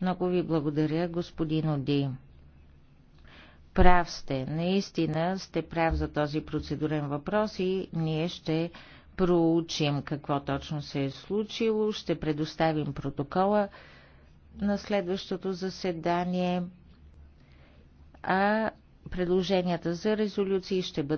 Много ви благодаря, господин Оди. Прав сте, наистина сте прав за този процедурен въпрос и ние ще проучим какво точно се е случило, ще предоставим протокола на следващото заседание, а предложенията за резолюции ще бъдат